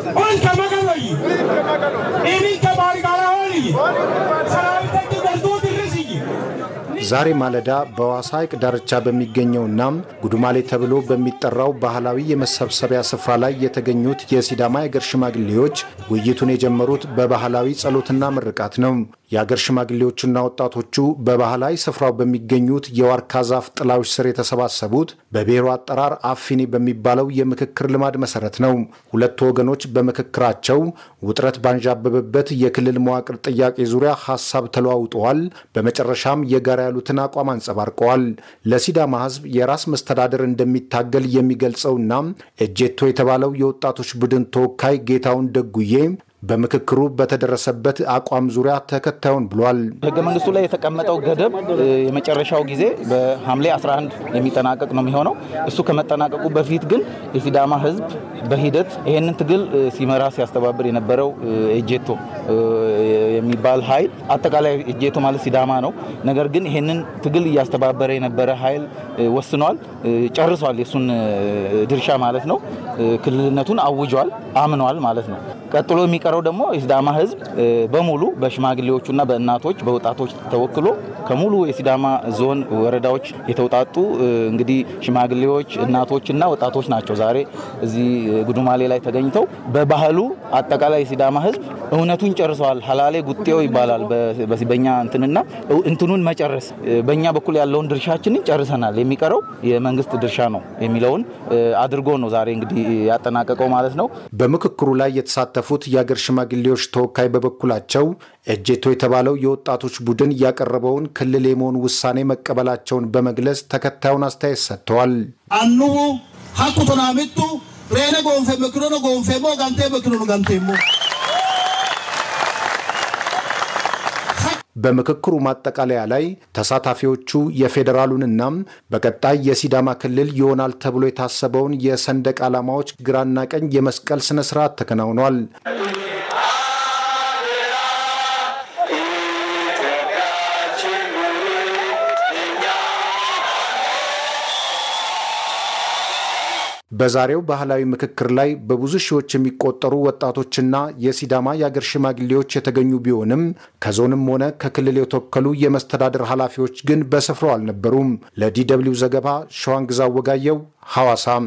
何 ዛሬ ማለዳ በዋሳ ሐይቅ ዳርቻ በሚገኘውና ጉዱማሌ ተብሎ በሚጠራው ባህላዊ የመሰብሰቢያ ስፍራ ላይ የተገኙት የሲዳማ የአገር ሽማግሌዎች ውይይቱን የጀመሩት በባህላዊ ጸሎትና ምርቃት ነው። የአገር ሽማግሌዎቹና ወጣቶቹ በባህላዊ ስፍራው በሚገኙት የዋርካ ዛፍ ጥላዎች ስር የተሰባሰቡት በብሔሩ አጠራር አፊኒ በሚባለው የምክክር ልማድ መሰረት ነው። ሁለቱ ወገኖች በምክክራቸው ውጥረት ባንዣበበበት የክልል መዋቅር ጥያቄ ዙሪያ ሀሳብ ተለዋውጠዋል። በመጨረሻም የጋራ ያሉት ያሉትን አቋም አንጸባርቀዋል። ለሲዳማ ህዝብ የራስ መስተዳደር እንደሚታገል የሚገልጸውና እጄቶ የተባለው የወጣቶች ቡድን ተወካይ ጌታውን ደጉዬ በምክክሩ በተደረሰበት አቋም ዙሪያ ተከታዩን ብሏል። ህገ መንግስቱ ላይ የተቀመጠው ገደብ የመጨረሻው ጊዜ በሐምሌ 11 የሚጠናቀቅ ነው የሚሆነው። እሱ ከመጠናቀቁ በፊት ግን የሲዳማ ህዝብ በሂደት ይህንን ትግል ሲመራ ሲያስተባብር የነበረው ኤጄቶ የሚባል ኃይል አጠቃላይ እጄቶ ማለት ሲዳማ ነው። ነገር ግን ይህንን ትግል እያስተባበረ የነበረ ኃይል ወስኗል፣ ጨርሷል። የሱን ድርሻ ማለት ነው። ክልልነቱን አውጇል፣ አምኗል ማለት ነው። ቀጥሎ የሚቀረው ደግሞ የሲዳማ ህዝብ በሙሉ በሽማግሌዎቹና በእናቶች በወጣቶች ተወክሎ ከሙሉ የሲዳማ ዞን ወረዳዎች የተውጣጡ እንግዲህ ሽማግሌዎች እናቶችና ወጣቶች ናቸው ዛሬ እዚህ ጉዱማሌ ላይ ተገኝተው በባህሉ አጠቃላይ የሲዳማ ህዝብ እውነቱን ጨርሰዋል። ሀላሌ ጉጤው ይባላል በኛ እንትንና እንትኑን መጨረስ በእኛ በኩል ያለውን ድርሻችንን ጨርሰናል፣ የሚቀረው የመንግስት ድርሻ ነው የሚለውን አድርጎ ነው ዛሬ እንግዲህ ያጠናቀቀው ማለት ነው። በምክክሩ ላይ የተሳተ የተሳተፉት የአገር ሽማግሌዎች ተወካይ በበኩላቸው ኤጄቶ የተባለው የወጣቶች ቡድን ያቀረበውን ክልል የመሆን ውሳኔ መቀበላቸውን በመግለጽ ተከታዩን አስተያየት ሰጥተዋል። አኑቡ ሀቁ ቶናሚቱ ሬነ ጎንፌ መክሮነ ጎንፌሞ ጋንቴ መክሮነ ጋንቴሞ በምክክሩ ማጠቃለያ ላይ ተሳታፊዎቹ የፌዴራሉንና በቀጣይ የሲዳማ ክልል ይሆናል ተብሎ የታሰበውን የሰንደቅ ዓላማዎች ግራና ቀኝ የመስቀል ስነ ስርዓት ተከናውኗል። በዛሬው ባህላዊ ምክክር ላይ በብዙ ሺዎች የሚቆጠሩ ወጣቶችና የሲዳማ የአገር ሽማግሌዎች የተገኙ ቢሆንም ከዞንም ሆነ ከክልል የተወከሉ የመስተዳደር ኃላፊዎች ግን በስፍራው አልነበሩም። ለዲ ዘገባ ሸዋንግዛ ወጋየው ሐዋሳም